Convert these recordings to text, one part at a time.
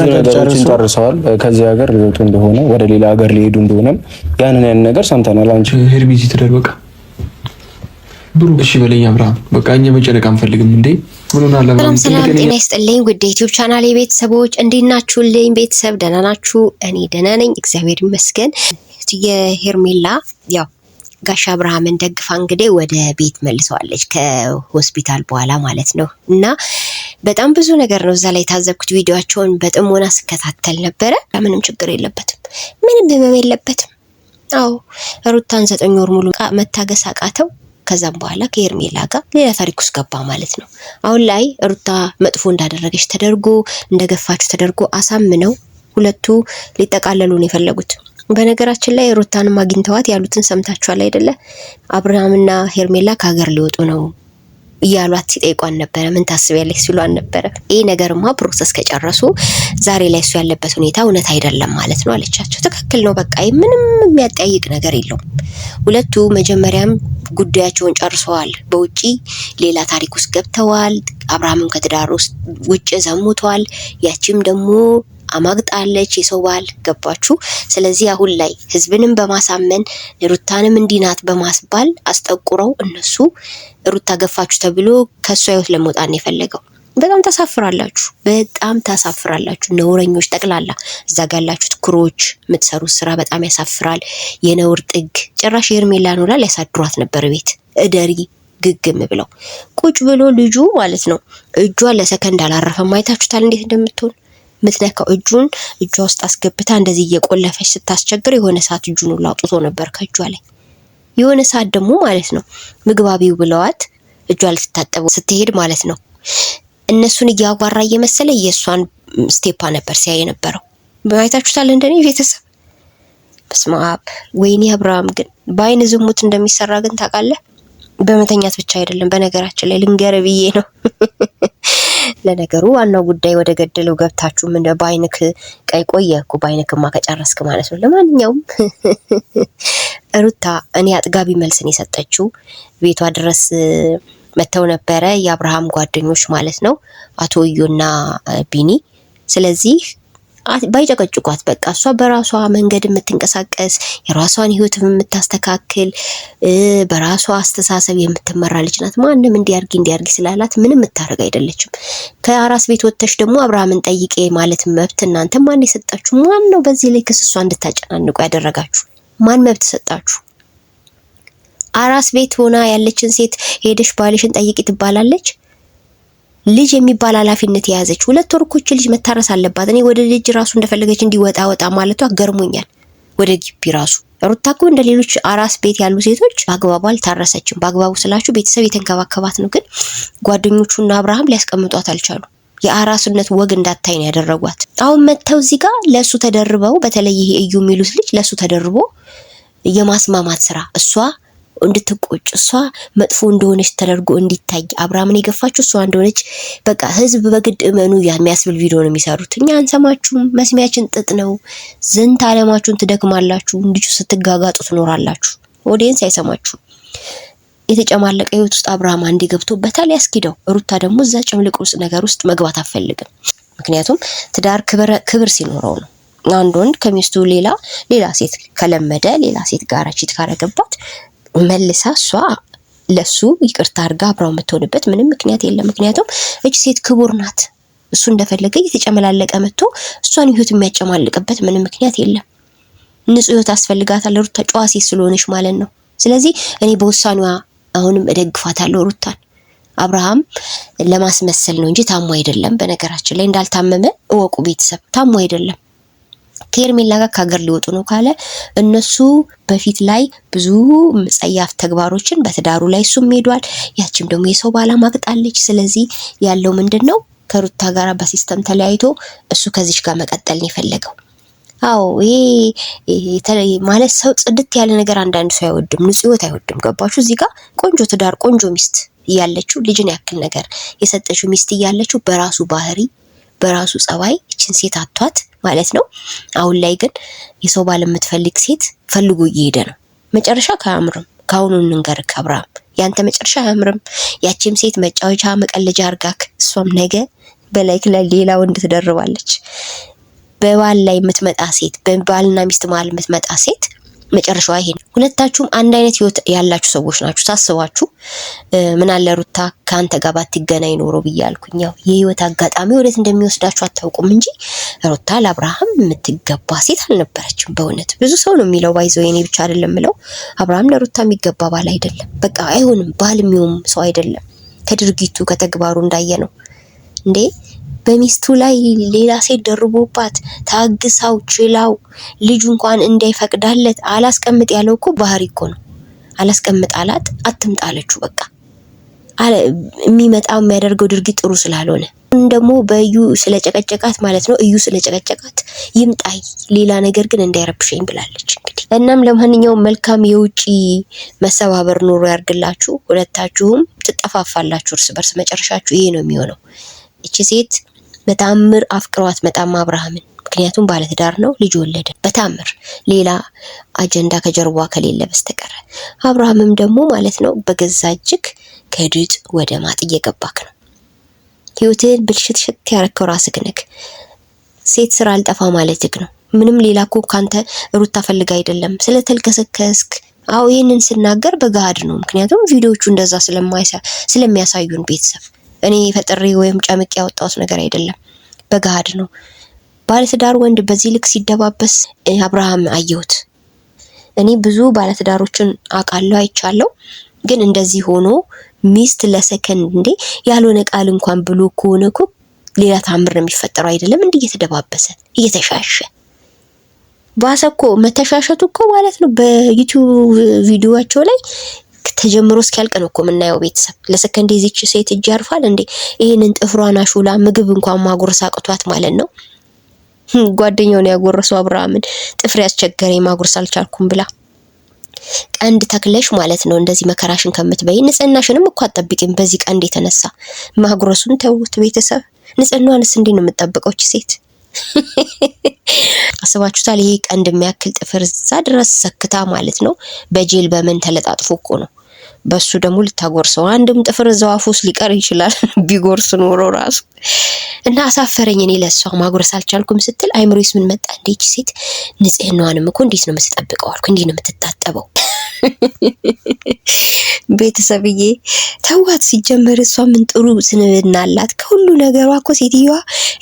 ነገሮችን ጨርሰዋል። ከዚህ ሀገር ሊወጡ እንደሆነ ወደ ሌላ ሀገር ሊሄዱ እንደሆነም ያንን ያን ነገር ሰምተናል። አንቺ ሄርሚዝ ትደር በቃ ብሩ እሺ በለኝ አብርሃም በቃ እኛ መጨነቅ አንፈልግም። እንዴ ሰላም ሰላም፣ ጤና ይስጥልኝ ውድ ዩቲዩብ ቻናል የቤተሰቦች እንዴት ናችሁልኝ? ቤተሰብ ደህና ናችሁ? እኔ ደህና ነኝ እግዚአብሔር ይመስገን። የሄርሜላ ያው ጋሽ አብርሃምን ደግፋ እንግዲህ ወደ ቤት መልሰዋለች ከሆስፒታል በኋላ ማለት ነው እና በጣም ብዙ ነገር ነው እዛ ላይ የታዘብኩት። ቪዲዮቸውን በጥሞና ስከታተል ነበረ። ምንም ችግር የለበትም፣ ምንም ህመም የለበትም። አዎ ሩታን ዘጠኝ ወር ሙሉ መታገስ አቃተው። ከዛም በኋላ ከኤርሜላ ጋር ሌላ ታሪክ ውስጥ ገባ ማለት ነው። አሁን ላይ ሩታ መጥፎ እንዳደረገች ተደርጎ እንደገፋችሁ ተደርጎ አሳምነው ሁለቱ ሊጠቃለሉ ነው የፈለጉት። በነገራችን ላይ ሩታንም አግኝተዋት ያሉትን ሰምታችኋል አይደለ? አብርሃምና ሄርሜላ ከሀገር ሊወጡ ነው እያሏት ሲጠይቋን ነበረ። ምን ታስቢያለሽ ሲሏን ነበረ። ይህ ነገርማ ፕሮሰስ ከጨረሱ ዛሬ ላይ እሱ ያለበት ሁኔታ እውነት አይደለም ማለት ነው አለቻቸው። ትክክል ነው፣ በቃ ምንም የሚያጠያይቅ ነገር የለውም። ሁለቱ መጀመሪያም ጉዳያቸውን ጨርሰዋል። በውጪ ሌላ ታሪክ ውስጥ ገብተዋል። አብርሃምን ከትዳር ውስጥ ውጭ ዘሙተዋል። ያቺም ደግሞ አማግጣለች። የሰው ባል ገባችሁ። ስለዚህ አሁን ላይ ህዝብንም በማሳመን ሩታንም እንዲናት በማስባል አስጠቁረው እነሱ ሩታ ገፋችሁ ተብሎ ከእሱ ህይወት ለመውጣት ነው የፈለገው። በጣም ታሳፍራላችሁ፣ በጣም ታሳፍራላችሁ። ነውረኞች ጠቅላላ እዛ ጋ ያላችሁት ኩሮች፣ የምትሰሩት ስራ በጣም ያሳፍራል። የነውር ጥግ ጭራሽ የእርሜላ ኖላ ሊያሳድሯት ነበር ቤት እደሪ ግግም ብለው ቁጭ ብሎ ልጁ ማለት ነው እጇ ለሰከንድ አላረፈም። አይታችሁታል እንዴት እንደምትሆን ምትነካው እጁን እጇ ውስጥ አስገብታ እንደዚህ እየቆለፈች ስታስቸግር የሆነ ሰዓት እጁን ሁላ አውጥቶ ነበር ከእጇ ላይ። የሆነ ሰዓት ደግሞ ማለት ነው ምግባቢው ብለዋት እጇ ልትታጠብ ስትሄድ ማለት ነው እነሱን እያጓራ እየመሰለ የእሷን ስቴፓ ነበር ሲያይ የነበረው። በማየታችሁታል እንደኔ ቤተሰብ በስመ አብ ወይኔ አብርሃም ግን በአይን ዝሙት እንደሚሰራ ግን ታውቃለህ። በመተኛት ብቻ አይደለም በነገራችን ላይ ልንገር ብዬ ነው። ለነገሩ ዋናው ጉዳይ ወደ ገደለው ገብታችሁ ምን በአይንክ ቀይ ቆየ እኮ በአይንክማ ከጨረስክ ማለት ነው። ለማንኛውም ሩታ እኔ አጥጋቢ መልስን የሰጠችው ቤቷ ድረስ መጥተው ነበረ የአብርሃም ጓደኞች ማለት ነው አቶ ቢኒ። ስለዚህ ባይጨቀጭቋት በቃ እሷ በራሷ መንገድ የምትንቀሳቀስ የራሷን ህይወት የምታስተካክል በራሷ አስተሳሰብ የምትመራ ልጅ ናት። ማንም እንዲያርጊ እንዲያርጊ ስላላት ምንም የምታደርግ አይደለችም። ከአራስ ቤት ወጥተሽ ደግሞ አብርሃምን ጠይቄ ማለት መብት እናንተ ማን የሰጣችሁ? ማን ነው በዚህ ላይ ክስ እሷ እንድታጨናንቁ ያደረጋችሁ? ማን መብት ሰጣችሁ? አራስ ቤት ሆና ያለችን ሴት ሄደሽ ባልሽን ጠይቂ ትባላለች? ልጅ የሚባል ኃላፊነት የያዘች ሁለት ወር ልጅ መታረስ አለባት። እኔ ወደ ልጅ ራሱ እንደፈለገች እንዲወጣ ወጣ ማለቷ ገርሞኛል። ወደ ግቢ ራሱ ሩታ እኮ እንደ ሌሎች አራስ ቤት ያሉ ሴቶች በአግባቡ አልታረሰችም። በአግባቡ ስላችሁ ቤተሰብ የተንከባከባት ነው፣ ግን ጓደኞቹና አብርሃም ሊያስቀምጧት አልቻሉ። የአራስነት ወግ እንዳታይ ነው ያደረጓት። አሁን መጥተው እዚህ ጋር ለእሱ ተደርበው፣ በተለይ ይሄ እዩ የሚሉት ልጅ ለእሱ ተደርቦ የማስማማት ስራ እሷ እንድትቆጭ እሷ መጥፎ እንደሆነች ተደርጎ እንዲታይ አብርሃምን የገፋችው እሷ እንደሆነች በቃ ህዝብ በግድ እመኑ የሚያስብል ቪዲዮ ነው የሚሰሩት። እኛ አንሰማችሁም፣ መስሚያችን ጥጥ ነው። ዝንት አለማችሁን ትደክማላችሁ፣ እንዲሁ ስትጋጋጡ ትኖራላችሁ። ኦዲየንስ አይሰማችሁም። የተጨማለቀ ህይወት ውስጥ አብርሃም አንዴ ገብቶ በታል ያስኪደው። ሩታ ደግሞ እዛ ጭምልቅ ውስጥ ነገር ውስጥ መግባት አፈልግም። ምክንያቱም ትዳር ክብር ሲኖረው ነው አንድ ወንድ ከሚስቱ ሌላ ሌላ ሴት ከለመደ ሌላ ሴት ጋር ቺት ካረገባት መልሳ እሷ ለሱ ይቅርታ አድርጋ አብረው የምትሆንበት ምንም ምክንያት የለም። ምክንያቱም እች ሴት ክቡር ናት። እሱ እንደፈለገ እየተጨመላለቀ መጥቶ እሷን ህይወት የሚያጨማልቅበት ምንም ምክንያት የለም። ንጹህ ህይወት አስፈልጋታል። ሩታ ጨዋ ሴት ስለሆነች ማለት ነው። ስለዚህ እኔ በውሳኔዋ አሁንም እደግፋታለሁ ሩታን። አብርሃም ለማስመሰል ነው እንጂ ታሞ አይደለም። በነገራችን ላይ እንዳልታመመ እወቁ ቤተሰብ፣ ታሞ አይደለም። ከሄርሜላ ጋር ከሀገር ሊወጡ ነው ካለ እነሱ በፊት ላይ ብዙ ጸያፍ ተግባሮችን በትዳሩ ላይ እሱም ሄዷል። ያችም ደግሞ የሰው ባላ ማቅጣለች። ስለዚህ ያለው ምንድን ነው ከሩታ ጋር በሲስተም ተለያይቶ እሱ ከዚች ጋር መቀጠል ነው የፈለገው። አዎ ይሄ ማለት ሰው ጽድት ያለ ነገር አንዳንድ ሰው አይወድም፣ ንጹህ ህይወት አይወድም። ገባችሁ? እዚህ ጋር ቆንጆ ትዳር ቆንጆ ሚስት እያለችው ልጅን ያክል ነገር የሰጠችው ሚስት እያለችው በራሱ ባህሪ በራሱ ጸባይ እችን ሴት አቷት ማለት ነው። አሁን ላይ ግን የሰው ባል የምትፈልግ ሴት ፈልጎ እየሄደ ነው። መጨረሻ ከአምርም ከአሁኑ እንንገርክ ከብራ ያንተ መጨረሻ አያምርም። ያቺም ሴት መጫወቻ መቀለጃ አርጋክ፣ እሷም ነገ በላይክ ሌላ ወንድ ትደርባለች። በባል ላይ የምትመጣ ሴት፣ በባልና ሚስት መሀል የምትመጣ ሴት መጨረሻዋ ይሄ ነው። ሁለታችሁም አንድ አይነት ህይወት ያላችሁ ሰዎች ናችሁ። ሳስባችሁ ምን አለ ሩታ ከአንተ ጋር ባትገናኝ ኖሮ ብያልኩኝ። ያው የህይወት አጋጣሚ ወዴት እንደሚወስዳችሁ አታውቁም እንጂ ሩታ ለአብርሃም የምትገባ ሴት አልነበረችም። በእውነት ብዙ ሰው ነው የሚለው፣ ባይዞ የኔ ብቻ አይደለም ምለው። አብርሃም ለሩታ የሚገባ ባል አይደለም። በቃ አይሆንም፣ ባል የሚሆን ሰው አይደለም። ከድርጊቱ ከተግባሩ እንዳየ ነው እንዴ በሚስቱ ላይ ሌላ ሴት ደርቦባት ታግሳው ችላው ልጁ እንኳን እንዳይፈቅዳለት አላስቀምጥ ያለው እኮ ባህሪ እኮ ነው። አላስቀምጥ አላት አትምጣለችው በቃ የሚመጣው የሚያደርገው ድርጊት ጥሩ ስላልሆነ ደግሞ በእዩ ስለጨቀጨቃት ማለት ነው። እዩ ስለጨቀጨቃት ይምጣይ ሌላ ነገር ግን እንዳይረብሸኝ ብላለች። እንግዲህ እናም ለማንኛውም መልካም የውጭ መሰባበር ኑሮ ያርግላችሁ። ሁለታችሁም ትጠፋፋላችሁ እርስ በርስ መጨረሻችሁ ይሄ ነው የሚሆነው። እቺ ሴት በታምር አፍቅሯት መጣም አብርሃምን ምክንያቱም ባለትዳር ነው፣ ልጅ ወለደ። በታምር ሌላ አጀንዳ ከጀርባ ከሌለ በስተቀር አብርሃምም ደግሞ ማለት ነው በገዛ እጅግ ከድጥ ወደ ማጥ እየገባክ ነው። ህይወትህን ሽት ያረከው ራስህ ነህ። ሴት ስራ አልጠፋ ማለትህ ነው። ምንም ሌላ እኮ ካንተ ሩታ ፈልግ አይደለም፣ ስለተልከሰከስክ አዎ ይህንን ስናገር በገሃድ ነው። ምክንያቱም ቪዲዮቹ እንደዛ ስለሚያሳዩን ቤተሰብ እኔ ፈጥሪ ወይም ጨምቅ ያወጣሁት ነገር አይደለም፣ በገሃድ ነው። ባለትዳር ወንድ በዚህ ልክ ሲደባበስ አብርሃም አየሁት። እኔ ብዙ ባለትዳሮችን አውቃለሁ፣ አይቻለሁ። ግን እንደዚህ ሆኖ ሚስት ለሰከንድ እንዴ ያልሆነ ቃል እንኳን ብሎ ከሆነ እኮ ሌላ ታምር ነው የሚፈጠረው። አይደለም እንዴ እየተደባበሰ እየተሻሸ ባሰኮ መተሻሸቱ እኮ ማለት ነው። በዩቲዩብ ቪዲዮቸው ላይ ተጀምሮ እስኪያልቅ ነው እኮ የምናየው። ቤተሰብ ለሰከንድ ዚች ሴት እጅ ያርፋል እንዴ? ይህንን ጥፍሯን አሹላ ምግብ እንኳን ማጉረስ አቅቷት ማለት ነው። hm፣ ጓደኛውን ያጎረሰው አብርሃምን ጥፍሬ ያስቸገረኝ ማጉረስ አልቻልኩም ብላ ቀንድ ተክለሽ ማለት ነው። እንደዚህ መከራሽን ከምትበይ ንጽህናሽንም እኮ አትጠብቂም። በዚህ ቀንድ የተነሳ ማጉረሱን ተውት ቤተሰብ። ንጽህናዋንስ እንዴት ነው የምትጠብቀው ሴት? አስባችሁታል? ይሄ ቀንድ የሚያክል ጥፍር እዛ ድረስ ሰክታ ማለት ነው። በጄል በምን ተለጣጥፎ እኮ ነው በሱ ደግሞ ልታጎርሰው አንድም ጥፍር እዛው አፉ ውስጥ ሊቀር ይችላል ቢጎርስ ኖሮ ራሱ እና አሳፈረኝ። እኔ ለእሷ ማጉረስ አልቻልኩም ስትል አይምሮስ ምን መጣ? እንዴች ሴት ንጽህናዋንም እኮ እንዴት ነው የምትጠብቀው አልኩ። እንዴት ነው የምትታጠበው? ቤተሰብዬ ተዋት። ሲጀመር እሷ ምን ጥሩ ስንብና አላት። ከሁሉ ነገሯ እኮ ሴትዮዋ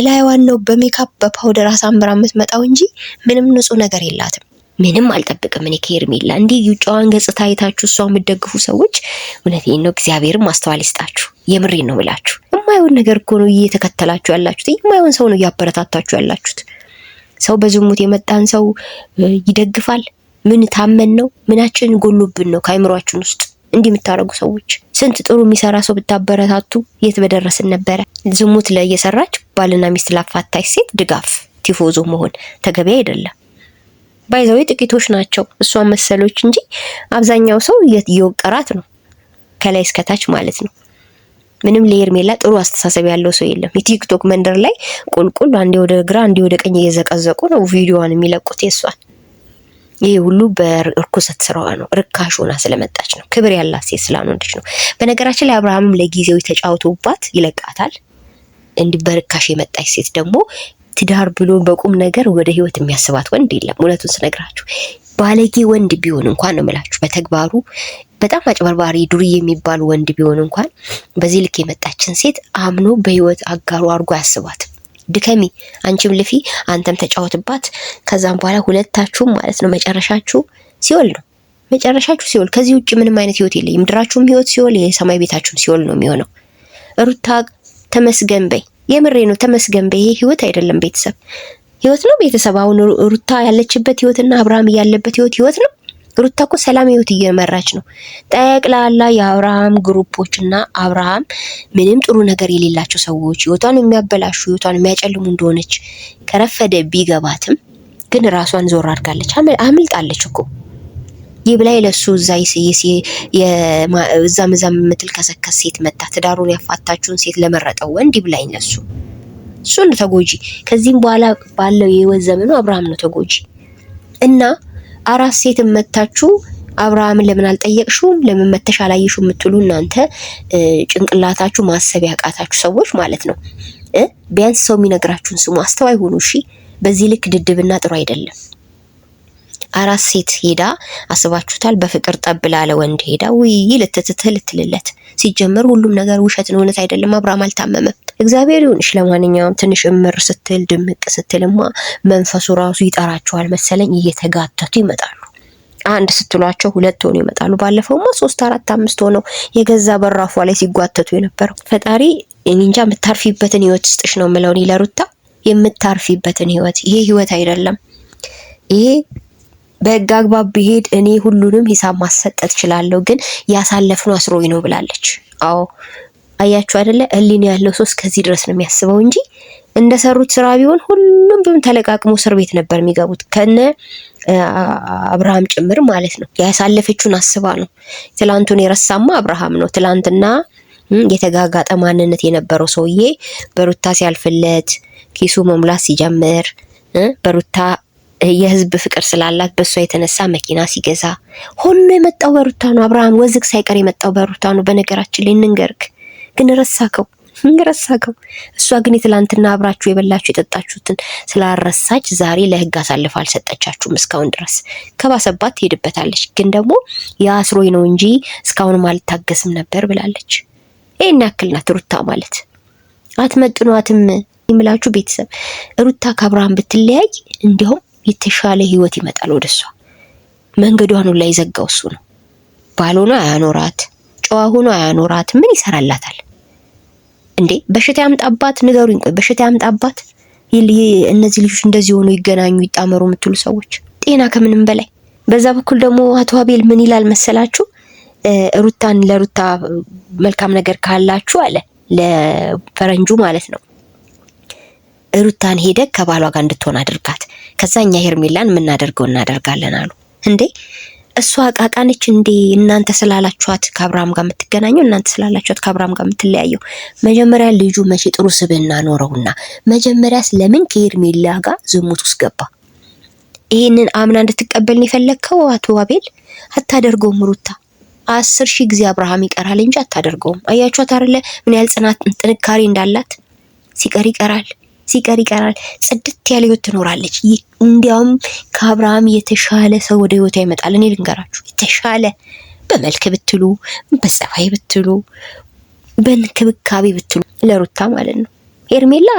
እላይዋን ነው በሜካፕ በፓውደር አሳምራ የምትመጣው እንጂ ምንም ንጹህ ነገር የላትም። ምንም አልጠብቅም። እኔ ከሄርሜላ እንዲህ የውጫዋን ገጽታ አይታችሁ እሷ የምትደግፉ ሰዎች እውነቴን ነው፣ እግዚአብሔርም ማስተዋል ይስጣችሁ። የምሬን ነው ብላችሁ የማይሆን ነገር እኮ ነው እየተከተላችሁ ያላችሁት። የማይሆን ሰው ነው እያበረታታችሁ ያላችሁት። ሰው በዝሙት የመጣን ሰው ይደግፋል? ምን ታመን ነው? ምናችን ጎሎብን ነው? ከአይምሯችን ውስጥ እንዲህ የምታደርጉ ሰዎች ስንት ጥሩ የሚሰራ ሰው ብታበረታቱ የት በደረስን ነበረ? ዝሙት ለእየሰራች ባልና ሚስት ላፋታች ሴት ድጋፍ ቲፎዞ መሆን ተገቢ አይደለም። ባይዘዊ ጥቂቶች ናቸው እሷ መሰሎች እንጂ አብዛኛው ሰው እየወቀራት ነው፣ ከላይ እስከታች ማለት ነው። ምንም ለሄርሜላ ጥሩ አስተሳሰብ ያለው ሰው የለም። የቲክቶክ መንደር ላይ ቁልቁል አንዴ ወደ ግራ አንዴ ወደ ቀኝ እየዘቀዘቁ ነው ቪዲዮዋን የሚለቁት የሷን። ይሄ ሁሉ በርኩሰት ስራዋ ነው። ርካሽ ሆና ስለመጣች ነው። ክብር ያላት ሴት ስላልሆነች ነው። በነገራችን ላይ አብርሃምም ለጊዜው የተጫወቱባት ይለቃታል። እንዲህ በርካሽ የመጣች ሴት ደግሞ ትዳር ብሎ በቁም ነገር ወደ ህይወት የሚያስባት ወንድ የለም። እውነቱን ስነግራችሁ ባለጌ ወንድ ቢሆን እንኳን ነው ምላችሁ፣ በተግባሩ በጣም አጭበርባሪ ዱርዬ የሚባል ወንድ ቢሆን እንኳን በዚህ ልክ የመጣችን ሴት አምኖ በህይወት አጋሩ አድርጎ አያስባትም። ድከሚ፣ አንቺም ልፊ፣ አንተም ተጫወትባት። ከዛም በኋላ ሁለታችሁም ማለት ነው መጨረሻችሁ ሲወል ነው መጨረሻችሁ ሲወል። ከዚህ ውጭ ምንም አይነት ህይወት የለ። የምድራችሁም ህይወት ሲወል፣ የሰማይ ቤታችሁም ሲወል ነው የሚሆነው። ሩታ ተመስገን በይ። የምሬ ነው። ተመስገን በይሄ ህይወት አይደለም ቤተሰብ ህይወት ነው። ቤተሰብ አሁን ሩታ ያለችበት ህይወትና አብርሃም ያለበት ህይወት ህይወት ነው። ሩታ እኮ ሰላም ህይወት እየመራች ነው። ጠቅላላ የአብርሃም ግሩፖች እና አብርሃም ምንም ጥሩ ነገር የሌላቸው ሰዎች ህይወቷን የሚያበላሹ ህይወቷን የሚያጨልሙ እንደሆነች ከረፈደ ቢገባትም ግን ራሷን ዞር አድርጋለች። አምልጣለች እኮ ይብላኝ ለሱ እዛ ይስይስ እዛ እዛም የምትል ከሰከስ ሴት መታ ትዳሩን ያፋታችሁን ሴት ለመረጠው ወንድ ይብላኝ ለሱ እሱ ነው ተጎጂ። ከዚህም በኋላ ባለው የህይወት ዘመኑ አብርሃም ነው ተጎጂ እና አራት ሴት መታችሁ አብርሃምን ለምን አልጠየቅሽውም? ለምን መተሽ አላየሽው የምትሉ እናንተ ጭንቅላታችሁ ማሰብ ያቃታችሁ ሰዎች ማለት ነው። ቢያንስ ሰው የሚነግራችሁን ስሙ፣ አስተዋይ ሆኑ እሺ፣ በዚህ ልክ ድድብና ጥሩ አይደለም። አራት ሴት ሄዳ አስባችሁታል? በፍቅር ጠብ ላለ ወንድ ሄዳ ውይ ልትትትል ልትልለት። ሲጀመር ሁሉም ነገር ውሸት ነው፣ እውነት አይደለም። አብርሃም አልታመመም። እግዚአብሔር ይሁንሽ። ለማንኛውም ትንሽ እምር ስትል ድምቅ ስትልማ መንፈሱ ራሱ ይጠራቸዋል መሰለኝ፣ እየተጋተቱ ይመጣሉ። አንድ ስትሏቸው ሁለት ሆኖ ይመጣሉ። ባለፈውማ ሶስት አራት አምስት ሆነው የገዛ በራፏ ላይ ሲጓተቱ የነበረው ፈጣሪ እንጃ። የምታርፊበትን ህይወት ስጥሽ ነው የምለውን ይለሩታ የምታርፊበትን ህይወት ይሄ ህይወት አይደለም ይሄ በህግ አግባብ ቢሄድ እኔ ሁሉንም ሂሳብ ማሰጠት እችላለሁ፣ ግን ያሳለፍነው አስሮኝ ነው ብላለች። አዎ አያችሁ አይደለ? ህሊና ያለው ሰው እስከዚህ ድረስ ነው የሚያስበው እንጂ እንደሰሩት ስራ ቢሆን ሁሉም ብም ተለቃቅሞ እስር ቤት ነበር የሚገቡት ከነ አብርሃም ጭምር ማለት ነው። ያሳለፈችውን አስባ ነው። ትላንቱን የረሳማ አብርሃም ነው። ትላንትና የተጋጋጠ ማንነት የነበረው ሰውዬ በሩታ ሲያልፍለት ኪሱ መሙላት ሲጀምር በሩታ የህዝብ ፍቅር ስላላት በእሷ የተነሳ መኪና ሲገዛ ሁሉ የመጣው በሩታ ነው። አብርሃም ወዝግ ሳይቀር የመጣው በሩታ ነው። በነገራችን ላይ እንንገርክ ግን ረሳከው እንረሳከው እሷ ግን የትላንትና አብራችሁ የበላችሁ የጠጣችሁትን ስላረሳች ዛሬ ለህግ አሳልፋ አልሰጠቻችሁም። እስካሁን ድረስ ከባሰባት ትሄድበታለች። ግን ደግሞ የአስሮይ ነው እንጂ እስካሁንም አልታገስም ነበር ብላለች። ይህን ያክል ናት ሩታ ማለት አትመጥኗትም። የምላችሁ ቤተሰብ ሩታ ከአብርሃም ብትለያይ እንዲሁም የተሻለ ህይወት ይመጣል ወደ እሷ። መንገዷን ሁላ የዘጋው እሱ ነው። ባል ሆኖ አያኖራት፣ ጨዋ ሆኖ አያኖራት። ምን ይሰራላታል እንዴ? በሽታ ያምጣባት? ንገሩኝ። ቆይ በሽታ ያምጣባት? እነዚህ ልጆች እንደዚህ ሆኖ ይገናኙ ይጣመሩ የምትሉ ሰዎች ጤና ከምንም በላይ። በዛ በኩል ደግሞ አቶ አቤል ምን ይላል መሰላችሁ? ሩታን ለሩታ መልካም ነገር ካላችሁ አለ ለፈረንጁ ማለት ነው ሩታን ሄደ ከባሏ ጋር እንድትሆን አድርጋት፣ ከዛ እኛ ሄርሜላን የምናደርገው እናደርጋለን አሉ። እንዴ እሷ አቃቃነች እንዴ? እናንተ ስላላችኋት ከአብርሃም ጋር የምትገናኘው እናንተ ስላላችኋት ከአብርሃም ጋር የምትለያየው። መጀመሪያ ልጁ መቼ ጥሩ ስብዕና ኖረውና፣ መጀመሪያስ ለምን ከሄርሜላ ጋር ዝሙት ውስጥ ገባ? ይህንን አምና እንድትቀበልን የፈለግከው? አቶ አቤል አታደርገውም ሩታ አስር ሺህ ጊዜ አብርሃም ይቀራል እንጂ አታደርገውም። አያችኋት አይደለ ምን ያህል ጥንካሬ እንዳላት ሲቀር ይቀራል። ሲቀር ይቀራል። ጽድት ያለ ህይወት ትኖራለች። እንዲያውም ከአብርሃም የተሻለ ሰው ወደ ህይወቷ ይመጣል። እኔ ልንገራችሁ፣ የተሻለ በመልክ ብትሉ፣ በጸባይ ብትሉ፣ በእንክብካቤ ብትሉ ለሩታ ማለት ነው። ሄርሜላ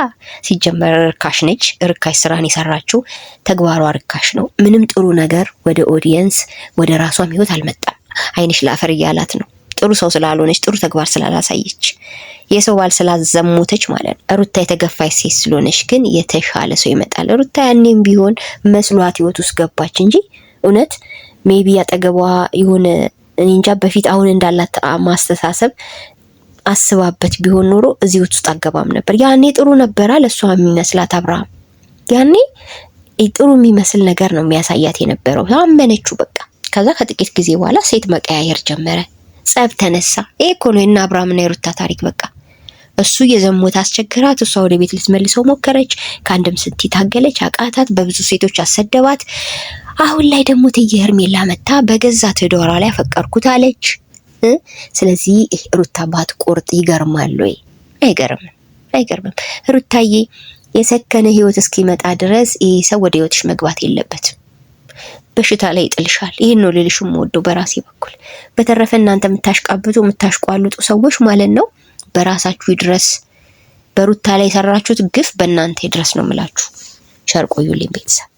ሲጀመር ርካሽ ነች። ርካሽ ስራን የሰራችው ተግባሯ ርካሽ ነው። ምንም ጥሩ ነገር ወደ ኦዲየንስ ወደ ራሷም ህይወት አልመጣም። አይንሽ ለአፈር እያላት ነው። ጥሩ ሰው ስላልሆነች ጥሩ ተግባር ስላላሳየች የሰው ባል ስላዘሙተች ማለት ነው። ሩታ የተገፋች ሴት ስለሆነች ግን የተሻለ ሰው ይመጣል። ሩታ ያኔም ቢሆን መስሏት ህይወት ውስጥ ገባች እንጂ እውነት ሜቢ ያጠገቧ የሆነ እንጃ በፊት አሁን እንዳላት ማስተሳሰብ አስባበት ቢሆን ኖሮ እዚህ ውስጥ አገባም ነበር። ያኔ ጥሩ ነበራ ለእሷ የሚመስላት አብርሃም ያኔ ጥሩ የሚመስል ነገር ነው የሚያሳያት የነበረው። አመነችው በቃ። ከዛ ከጥቂት ጊዜ በኋላ ሴት መቀያየር ጀመረ። ጸብ ተነሳ። ይሄ እኮ ነው የእነ አብርሃምና የሩታ ታሪክ በቃ። እሱ የዘሞት አስቸግራት፣ እሷ ወደ ቤት ልትመልሰው ሞከረች። ከአንድም ስንት ታገለች፣ አቃታት። በብዙ ሴቶች አሰደባት። አሁን ላይ ደግሞ እትዬ ሄርሜላ መታ በገዛ ትዳሯ ላይ አፈቀርኩት አለች። ስለዚህ ሩታ ባትቆርጥ ይገርማል ወይ? አይገርምም፣ አይገርምም። ሩታዬ የሰከነ ህይወት እስኪመጣ ድረስ ይሄ ሰው ወደ ህይወትሽ መግባት የለበትም። በሽታ ላይ ይጥልሻል። ይህን ነው ልልሽ የምወደው በራሴ በኩል። በተረፈ እናንተ የምታሽቃብጡ የምታሽቋልጡ ሰዎች ማለት ነው በራሳችሁ ድረስ በሩታ ላይ የሰራችሁት ግፍ በእናንተ ድረስ ነው የምላችሁ። ሸርቆዩልኝ ቤተሰብ